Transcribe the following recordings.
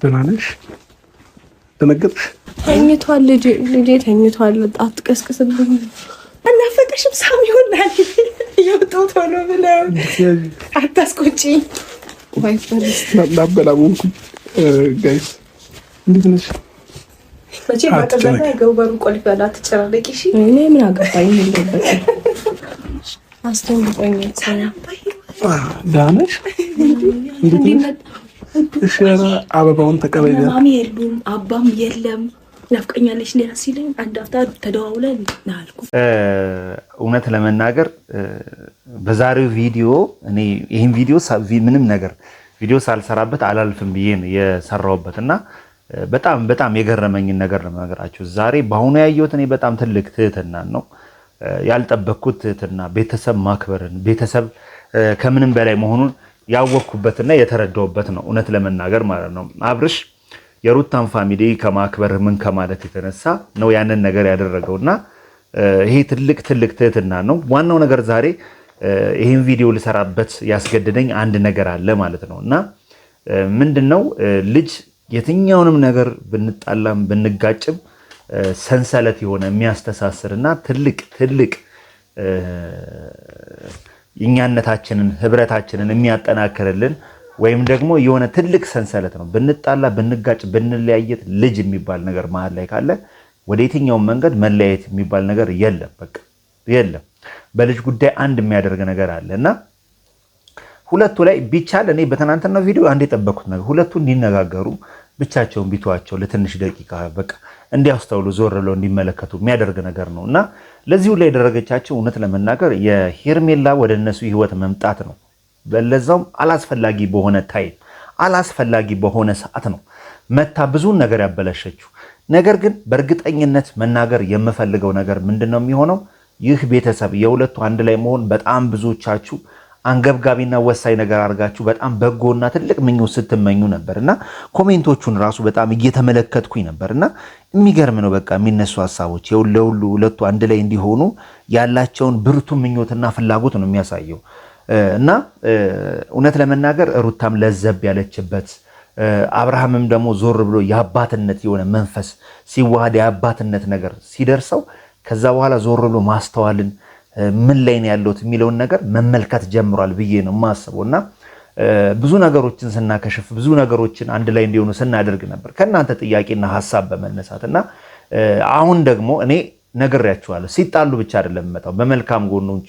ደህና ነሽ? ደነገጥሽ? ተኝቷል። ልጄ ልጄ ተኝቷል። አትቀስቅስብኝ። አናፈቅሽም? ሳም ይሆናል እየወጡ ቶሎ ብለው አታስቆጪ። ላበላቡንኩ ጋይስ እንዴት ነሽ? መቼ ማቀዛታ የገውበሩ ቆልፍ ያላ ትጨራለቂ እኔ ምን አገባኝ? አስደንግጦኝ። ደህና ነሽ? እሸራ አበባውን ተቀበል። ማሚ የሉም አባም የለም። ናፍቀኛለች ሌላ ሲለኝ አንድ አፍታ ተደዋውለን ናልኩ። እውነት ለመናገር በዛሬው ቪዲዮ እኔ ይህን ቪዲዮ ምንም ነገር ቪዲዮ ሳልሰራበት አላልፍም ብዬ ነው የሰራሁበት እና በጣም በጣም የገረመኝን ነገር ለመነገራችሁ ዛሬ በአሁኑ ያየሁት እኔ በጣም ትልቅ ትህትናን ነው ያልጠበቅኩት ትህትና፣ ቤተሰብ ማክበርን፣ ቤተሰብ ከምንም በላይ መሆኑን ያወቅኩበትና የተረዳውበት ነው እውነት ለመናገር ማለት ነው። አብርሽ የሩታን ፋሚሊ ከማክበር ምን ከማለት የተነሳ ነው ያንን ነገር ያደረገውና ይሄ ትልቅ ትልቅ ትህትና ነው። ዋናው ነገር ዛሬ ይህን ቪዲዮ ልሰራበት ያስገደደኝ አንድ ነገር አለ ማለት ነው እና ምንድን ነው ልጅ የትኛውንም ነገር ብንጣላም ብንጋጭም ሰንሰለት የሆነ የሚያስተሳስርና ትልቅ ትልቅ እኛነታችንን ህብረታችንን የሚያጠናክርልን ወይም ደግሞ የሆነ ትልቅ ሰንሰለት ነው። ብንጣላ፣ ብንጋጭ፣ ብንለያየት ልጅ የሚባል ነገር መሀል ላይ ካለ ወደ የትኛውም መንገድ መለያየት የሚባል ነገር የለም። በቃ የለም። በልጅ ጉዳይ አንድ የሚያደርግ ነገር አለ እና ሁለቱ ላይ ቢቻል እኔ በትናንትናው ቪዲዮ አንድ የጠበኩት ነገር ሁለቱ እንዲነጋገሩ ብቻቸውን ቢተዋቸው ለትንሽ ደቂቃ በቃ እንዲያስተውሉ ዞር ብለው እንዲመለከቱ የሚያደርግ ነገር ነው እና ለዚሁ ላይ የደረገቻቸው እውነት ለመናገር የሄርሜላ ወደ እነሱ ህይወት መምጣት ነው። በለዛውም አላስፈላጊ በሆነ ታይም አላስፈላጊ በሆነ ሰዓት ነው መታ ብዙን ነገር ያበላሸችው ነገር ግን በእርግጠኝነት መናገር የምፈልገው ነገር ምንድን ነው የሚሆነው ይህ ቤተሰብ የሁለቱ አንድ ላይ መሆን በጣም ብዙዎቻችሁ አንገብጋቢና ወሳኝ ነገር አድርጋችሁ በጣም በጎና ትልቅ ምኞት ስትመኙ ነበር እና ኮሜንቶቹን ራሱ በጣም እየተመለከትኩኝ ነበር እና የሚገርም ነው። በቃ የሚነሱ ሀሳቦች ለሁሉ ሁለቱ አንድ ላይ እንዲሆኑ ያላቸውን ብርቱ ምኞትና ፍላጎት ነው የሚያሳየው እና እውነት ለመናገር ሩታም ለዘብ ያለችበት አብርሃምም ደግሞ ዞር ብሎ የአባትነት የሆነ መንፈስ ሲዋሃድ የአባትነት ነገር ሲደርሰው ከዛ በኋላ ዞር ብሎ ማስተዋልን ምን ላይ ነው ያለሁት የሚለውን ነገር መመልከት ጀምሯል ብዬ ነው የማስበው እና ብዙ ነገሮችን ስናከሽፍ ብዙ ነገሮችን አንድ ላይ እንዲሆኑ ስናደርግ ነበር ከእናንተ ጥያቄና ሀሳብ በመነሳት እና አሁን ደግሞ እኔ ነግሬያችኋለሁ። ሲጣሉ ብቻ አይደለም የምመጣው፣ በመልካም ጎኖቹ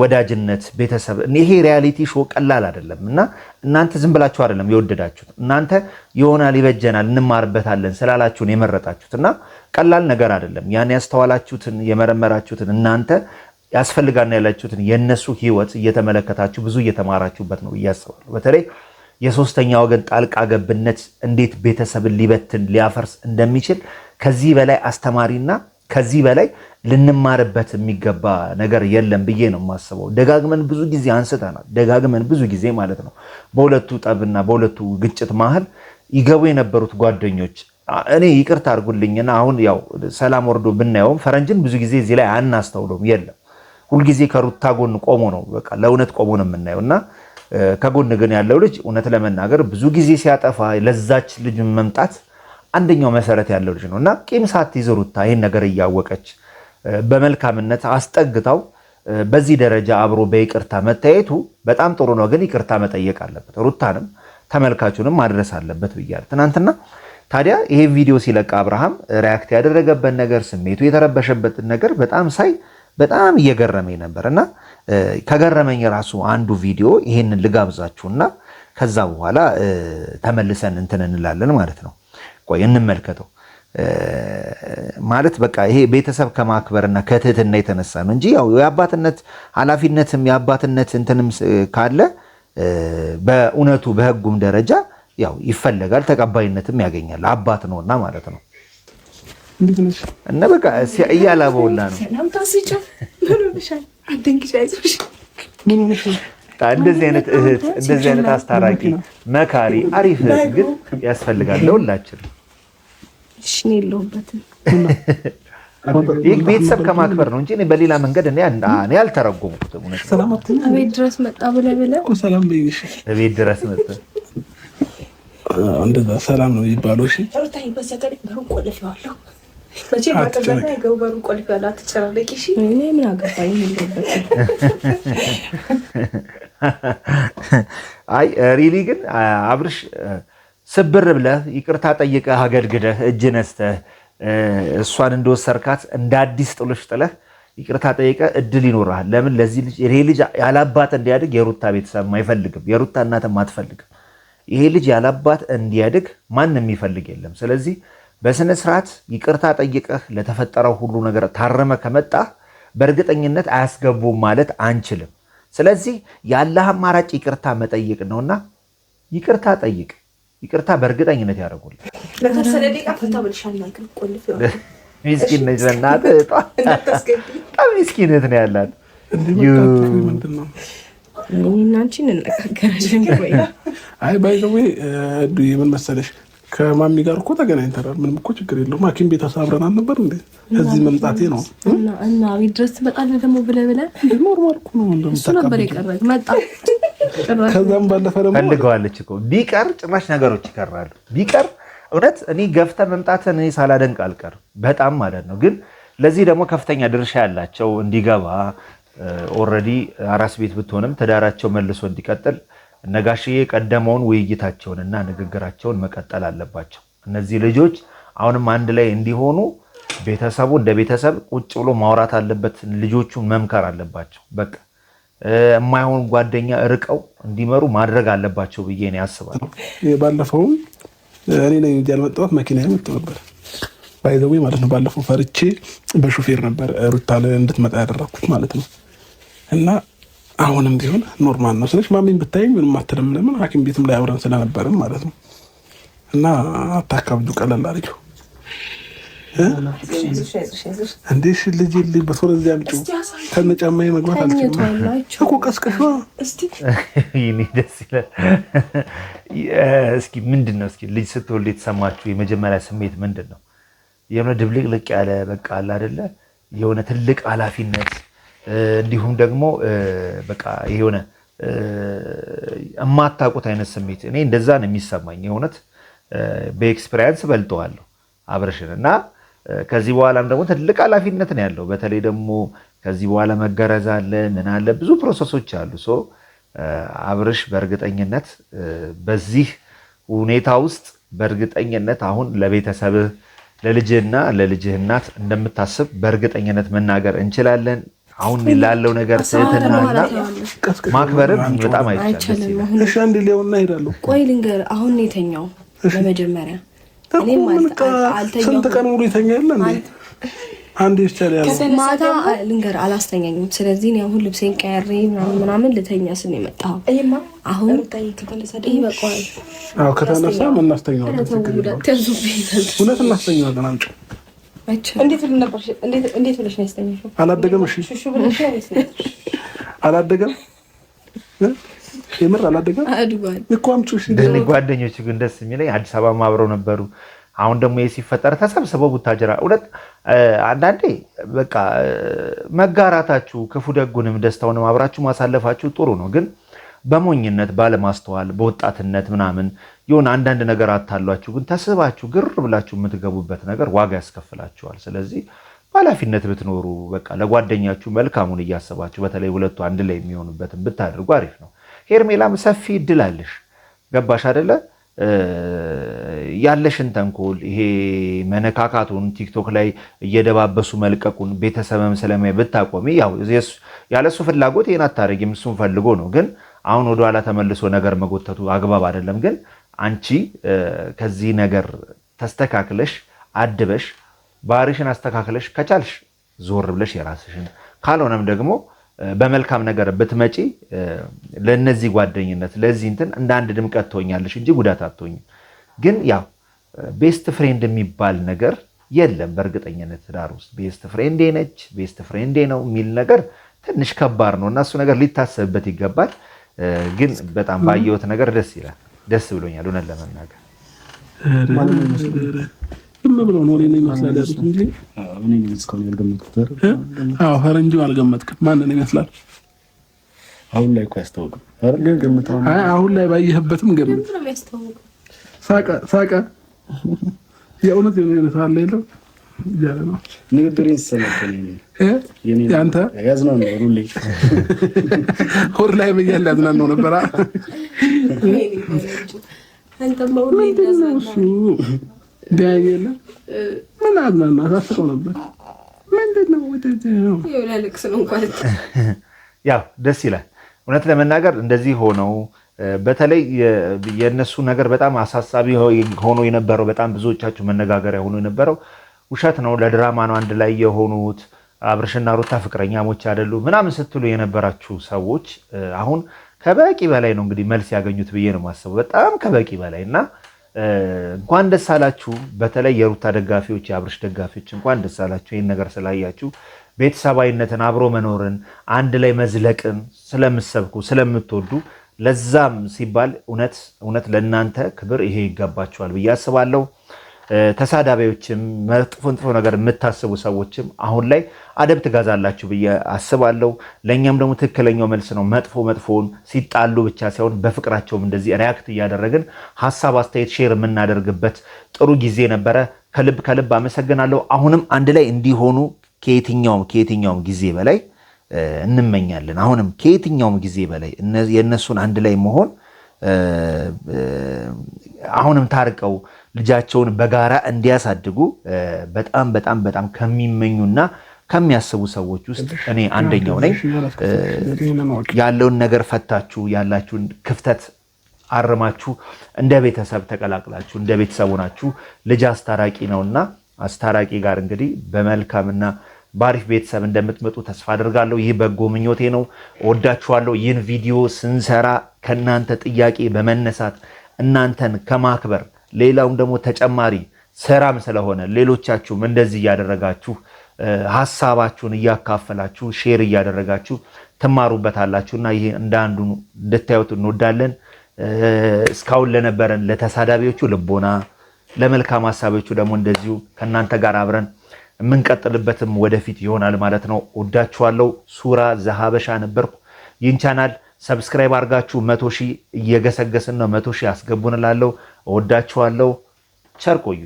ወዳጅነት፣ ቤተሰብ። ይሄ ሪያሊቲ ሾ ቀላል አይደለም እና እናንተ ዝም ብላችሁ አይደለም የወደዳችሁት፣ እናንተ ይሆናል ይበጀናል እንማርበታለን ስላላችሁን የመረጣችሁት እና ቀላል ነገር አይደለም። ያን ያስተዋላችሁትን የመረመራችሁትን እናንተ ያስፈልጋና ያላችሁትን የእነሱ ህይወት እየተመለከታችሁ ብዙ እየተማራችሁበት ነው ብዬ በተለይ የሶስተኛ ወገን ጣልቃ ገብነት እንዴት ቤተሰብን ሊበትን ሊያፈርስ እንደሚችል ከዚህ በላይ አስተማሪና ከዚህ በላይ ልንማርበት የሚገባ ነገር የለም ብዬ ነው የማስበው። ደጋግመን ብዙ ጊዜ አንስተናል። ደጋግመን ብዙ ጊዜ ማለት ነው በሁለቱ ጠብና በሁለቱ ግጭት መሀል ይገቡ የነበሩት ጓደኞች እኔ ይቅርታ አድርጉልኝና አሁን ያው ሰላም ወርዶ ብናየውም ፈረንጅን ብዙ ጊዜ እዚህ ላይ አናስተውለውም። የለም ሁልጊዜ ከሩታ ጎን ቆሞ ነው በቃ ለእውነት ቆሞ ነው የምናየው እና ከጎን ግን ያለው ልጅ እውነት ለመናገር ብዙ ጊዜ ሲያጠፋ ለዛች ልጅ መምጣት አንደኛው መሰረት ያለው ልጅ ነው እና ቂም ሳትይዝ ሩታ ይህን ነገር እያወቀች በመልካምነት አስጠግታው በዚህ ደረጃ አብሮ በይቅርታ መታየቱ በጣም ጥሩ ነው። ግን ይቅርታ መጠየቅ አለበት ሩታንም ተመልካቹንም ማድረስ አለበት ብያለሁ ትናንትና ታዲያ ይሄ ቪዲዮ ሲለቅ አብርሃም ሪያክት ያደረገበት ነገር ስሜቱ የተረበሸበትን ነገር በጣም ሳይ በጣም እየገረመኝ ነበር እና ከገረመኝ ራሱ አንዱ ቪዲዮ ይሄንን ልጋብዛችሁና ከዛ በኋላ ተመልሰን እንትን እንላለን ማለት ነው። ቆይ እንመልከተው። ማለት በቃ ይሄ ቤተሰብ ከማክበርና ከትህትና የተነሳ ነው እንጂ ያው የአባትነት ኃላፊነትም የአባትነት እንትንም ካለ በእውነቱ በህጉም ደረጃ ያው ይፈለጋል፣ ተቀባይነትም ያገኛል። አባት ነውና ማለት ነው። እና በቃ እያላበውላ ነው እንደዚህ አይነት እህት፣ እንደዚህ አይነት አስታራቂ፣ መካሪ፣ አሪፍ እህት ግን ያስፈልጋል ለሁላችን። ይህ ቤተሰብ ከማክበር ነው እንጂ በሌላ መንገድ እኔ አልተረጎምኩትም። ቤት ድረስ መጣ ብለህ ብለህ ቤት ድረስ መጣ እንደዛ ሰላም ነው የሚባለው። እሺ አይ ሪሊ ግን አብርሽ ስብር ብለህ ይቅርታ ጠይቀህ አገድግደህ እጅ ነስተህ እሷን እንደወሰርካት እንደ አዲስ ጥሎሽ ጥለህ ይቅርታ ጠይቀህ እድል ይኖርሃል። ለምን ለዚህ ልጅ ይሄ ልጅ ያላባት እንዲያድግ የሩታ ቤተሰብ አይፈልግም፣ የሩታ እናትም አትፈልግም። ይሄ ልጅ ያላባት እንዲያድግ ማንም የሚፈልግ የለም። ስለዚህ በስነ ስርዓት ይቅርታ ጠይቀህ ለተፈጠረው ሁሉ ነገር ታረመ ከመጣ በእርግጠኝነት አያስገቡም ማለት አንችልም። ስለዚህ ያለህ አማራጭ ይቅርታ መጠየቅ ነውና ይቅርታ ጠይቅ። ይቅርታ በእርግጠኝነት ያደርጉልህ። በጣም ሚስኪነት ነው ያላት። እናንቺን እንነጋገራለን አይ ባይዘዌ ምን መሰለሽ ከማሚ ጋር እኮ ተገናኝተናል። ምንም እኮ ችግር የለውም። ሐኪም ቤት አሳብረን አልነበር እንዴ? እዚህ መምጣቴ ነው እና ቤት ድረስ ትመጣለህ ደግሞ ብለህ ብለህ ኖርማል እኮ ነው ነበር የቀረህ መጣ። ከዛም ባለፈ ደግሞ ፈልገዋለች እኮ ቢቀር ጭራሽ ነገሮች ይቀራሉ። ቢቀር እውነት እኔ ገፍተ መምጣትን እኔ ሳላደንቅ አልቀር በጣም ማለት ነው። ግን ለዚህ ደግሞ ከፍተኛ ድርሻ ያላቸው እንዲገባ ኦልሬዲ አራስ ቤት ብትሆንም ትዳራቸው መልሶ እንዲቀጥል እነጋሽዬ ቀደመውን ውይይታቸውንና ንግግራቸውን መቀጠል አለባቸው። እነዚህ ልጆች አሁንም አንድ ላይ እንዲሆኑ ቤተሰቡ እንደ ቤተሰብ ቁጭ ብሎ ማውራት አለበት። ልጆቹን መምከር አለባቸው። በቃ የማይሆን ጓደኛ ርቀው እንዲመሩ ማድረግ አለባቸው ብዬ ነው ያስባለሁ። ባለፈውም እኔ ነኝ ያልመጣሁት መኪና መጥ ነበር ባይዘዌ ማለት ነው። ባለፈው ፈርቼ በሹፌር ነበር ሩታ እንድትመጣ ያደረግኩት ማለት ነው እና አሁንም ቢሆን ኖርማል ነው ስለች ማሚን ብታይ ምንም አትልም። ለምን ሐኪም ቤትም ላይ አብረን ስለነበርም ማለት ነው። እና አታካብዱ፣ ቀለል አድርጊው። እንዴ እሺ፣ ልጅ ልጅ በሶለዚ አምጪው ከነጫማ መግባት አልችልም እኮ ቀስቀሽ። ይኔ ደስ ይላል። እስኪ ምንድን ነው እስኪ ልጅ ስትወልድ የተሰማችሁ የመጀመሪያ ስሜት ምንድን ነው? የሆነ ድብልቅልቅ ያለ በቃ አለ አደለ፣ የሆነ ትልቅ ኃላፊነት እንዲሁም ደግሞ በቃ የሆነ የማታውቁት አይነት ስሜት እኔ እንደዛ ነው የሚሰማኝ። የእውነት በኤክስፔሪያንስ በልጠዋለሁ አብረሽን እና ከዚህ በኋላም ደግሞ ትልቅ ኃላፊነት ነው ያለው። በተለይ ደግሞ ከዚህ በኋላ መገረዝ አለ ምን አለ ብዙ ፕሮሰሶች አሉ። ሶ አብርሽ በእርግጠኝነት በዚህ ሁኔታ ውስጥ በእርግጠኝነት አሁን ለቤተሰብህ ለልጅህና ለልጅህ እናት እንደምታስብ በእርግጠኝነት መናገር እንችላለን። አሁን ላለው ነገር ትህትናና ማክበርን በጣም አይቻልም። አንድ ሊሆንና ሄዳለሁ። ቆይ ልንገርህ፣ አሁን ነው የተኛው ለመጀመሪያ ስንት ቀን ሙሉ ይተኛል? አንድ ይቻል ያለ ማታ ልንገርህ፣ አላስተኛኝም። ስለዚህ እኔ አሁን ልብሴን ቀያሬ ምናምን ምናምን ልተኛ ስን የመጣሁ አሁን ከተነሳ እናስተኛዋለን። እውነት እናስተኛዋለን። አላደገም። እሺ አላደገም፣ የምር አላደገም እኮ አምጪው። ጓደኞች ግን ደስ የሚለኝ አዲስ አበባ ማብረው ነበሩ። አሁን ደግሞ ሲፈጠር ተሰብስበው ቡታጀራ እውነት አንዳንዴ በቃ መጋራታችሁ ክፉ ደጉንም ደስታውንም አብራችሁ ማሳለፋችሁ ጥሩ ነው። ግን በሞኝነት ባለማስተዋል በወጣትነት ምናምን የሆነ አንዳንድ ነገር አታሏችሁ ግን ተስባችሁ ግር ብላችሁ የምትገቡበት ነገር ዋጋ ያስከፍላችኋል። ስለዚህ በኃላፊነት ብትኖሩ በቃ ለጓደኛችሁ መልካሙን እያሰባችሁ በተለይ ሁለቱ አንድ ላይ የሚሆኑበትን ብታደርጉ አሪፍ ነው። ሄርሜላም ሰፊ እድል አለሽ። ገባሽ አደለ? ያለሽን ተንኮል ይሄ መነካካቱን ቲክቶክ ላይ እየደባበሱ መልቀቁን ቤተሰብም ስለማይ ብታቆሚ፣ ያው ያለሱ ፍላጎት ይህን አታደርጊም፣ እሱም ፈልጎ ነው። ግን አሁን ወደኋላ ተመልሶ ነገር መጎተቱ አግባብ አይደለም ግን አንቺ ከዚህ ነገር ተስተካክለሽ አድበሽ ባህሪሽን አስተካክለሽ ከቻልሽ ዞር ብለሽ የራስሽን ካልሆነም ደግሞ በመልካም ነገር ብትመጪ ለነዚህ ጓደኝነት ለዚህ እንትን እንደ አንድ ድምቀት ትሆኛለሽ እንጂ ጉዳት አትሆኝም። ግን ያው ቤስት ፍሬንድ የሚባል ነገር የለም። በእርግጠኝነት ትዳር ውስጥ ቤስት ፍሬንዴ ነች፣ ቤስት ፍሬንዴ ነው የሚል ነገር ትንሽ ከባድ ነው እና እሱ ነገር ሊታሰብበት ይገባል። ግን በጣም ባየሁት ነገር ደስ ይላል። ደስ ብሎኛል። እውነት ለመናገር ብሎ ነው ይመስላል ፈረንጁ ማንን ይመስላል? አሁን ላይ እኮ ያስታውቅም። አሁን ላይ ባየህበትም ገምት። ሳቀ ሳቀ። የእውነት የሆነ አይነት አለ የለም እያለ ነው ንግግር ሁሌ ሆድ ላይ ብያለሁ ያዝናናው ነበር ያው ደስ ይላል። እውነት ለመናገር እንደዚህ ሆነው በተለይ የእነሱ ነገር በጣም አሳሳቢ ሆኖ የነበረው በጣም ብዙዎቻችሁ መነጋገሪያ ሆኖ የነበረው ውሸት ነው፣ ለድራማ ነው አንድ ላይ የሆኑት አብርሽና ሩታ ፍቅረኛሞች አይደሉ ምናምን ስትሉ የነበራችሁ ሰዎች አሁን ከበቂ በላይ ነው እንግዲህ መልስ ያገኙት ብዬ ነው የማስበው። በጣም ከበቂ በላይ እና እንኳን ደስ አላችሁ። በተለይ የሩታ ደጋፊዎች፣ የአብርሽ ደጋፊዎች እንኳን ደስ አላችሁ ይህን ነገር ስላያችሁ ቤተሰባዊነትን፣ አብሮ መኖርን፣ አንድ ላይ መዝለቅን ስለምሰብኩ ስለምትወዱ ለዛም ሲባል እውነት እውነት ለእናንተ ክብር ይሄ ይገባችኋል ብዬ አስባለሁ። ተሳዳቢዎችም መጥፎ ንጥፎ ነገር የምታስቡ ሰዎችም አሁን ላይ አደብ ትጋዛላችሁ ብዬ አስባለሁ። ለእኛም ደግሞ ትክክለኛው መልስ ነው። መጥፎ መጥፎውን ሲጣሉ ብቻ ሳይሆን በፍቅራቸውም እንደዚህ ሪያክት እያደረግን ሀሳብ፣ አስተያየት ሼር የምናደርግበት ጥሩ ጊዜ ነበረ። ከልብ ከልብ አመሰግናለሁ። አሁንም አንድ ላይ እንዲሆኑ ከየትኛውም ከየትኛውም ጊዜ በላይ እንመኛለን። አሁንም ከየትኛውም ጊዜ በላይ የእነሱን አንድ ላይ መሆን አሁንም ታርቀው ልጃቸውን በጋራ እንዲያሳድጉ በጣም በጣም በጣም ከሚመኙና ከሚያስቡ ሰዎች ውስጥ እኔ አንደኛው ነኝ። ያለውን ነገር ፈታችሁ ያላችሁን ክፍተት አርማችሁ እንደ ቤተሰብ ተቀላቅላችሁ እንደ ቤተሰቡ ናችሁ። ልጅ አስታራቂ ነውና አስታራቂ ጋር እንግዲህ በመልካምና በአሪፍ ቤተሰብ እንደምትመጡ ተስፋ አድርጋለሁ። ይህ በጎ ምኞቴ ነው። ወዳችኋለሁ። ይህን ቪዲዮ ስንሰራ ከእናንተ ጥያቄ በመነሳት እናንተን ከማክበር ሌላውም ደግሞ ተጨማሪ ስራም ስለሆነ ሌሎቻችሁም እንደዚህ እያደረጋችሁ ሀሳባችሁን እያካፈላችሁ ሼር እያደረጋችሁ ትማሩበታላችሁ እና ይሄ እንደ አንዱ እንድታዩት እንወዳለን። እስካሁን ለነበረን ለተሳዳቢዎቹ ልቦና፣ ለመልካም ሀሳቢዎቹ ደግሞ እንደዚሁ ከእናንተ ጋር አብረን የምንቀጥልበትም ወደፊት ይሆናል ማለት ነው። ወዳችኋለሁ። ሱራ ዘሀበሻ ነበርኩ። ይህን ቻናል ሰብስክራይብ አድርጋችሁ መቶ ሺህ እየገሰገስን ነው። መቶ ሺህ አስገቡንላለሁ። እወዳችኋለሁ። ቸር ቆዩኝ።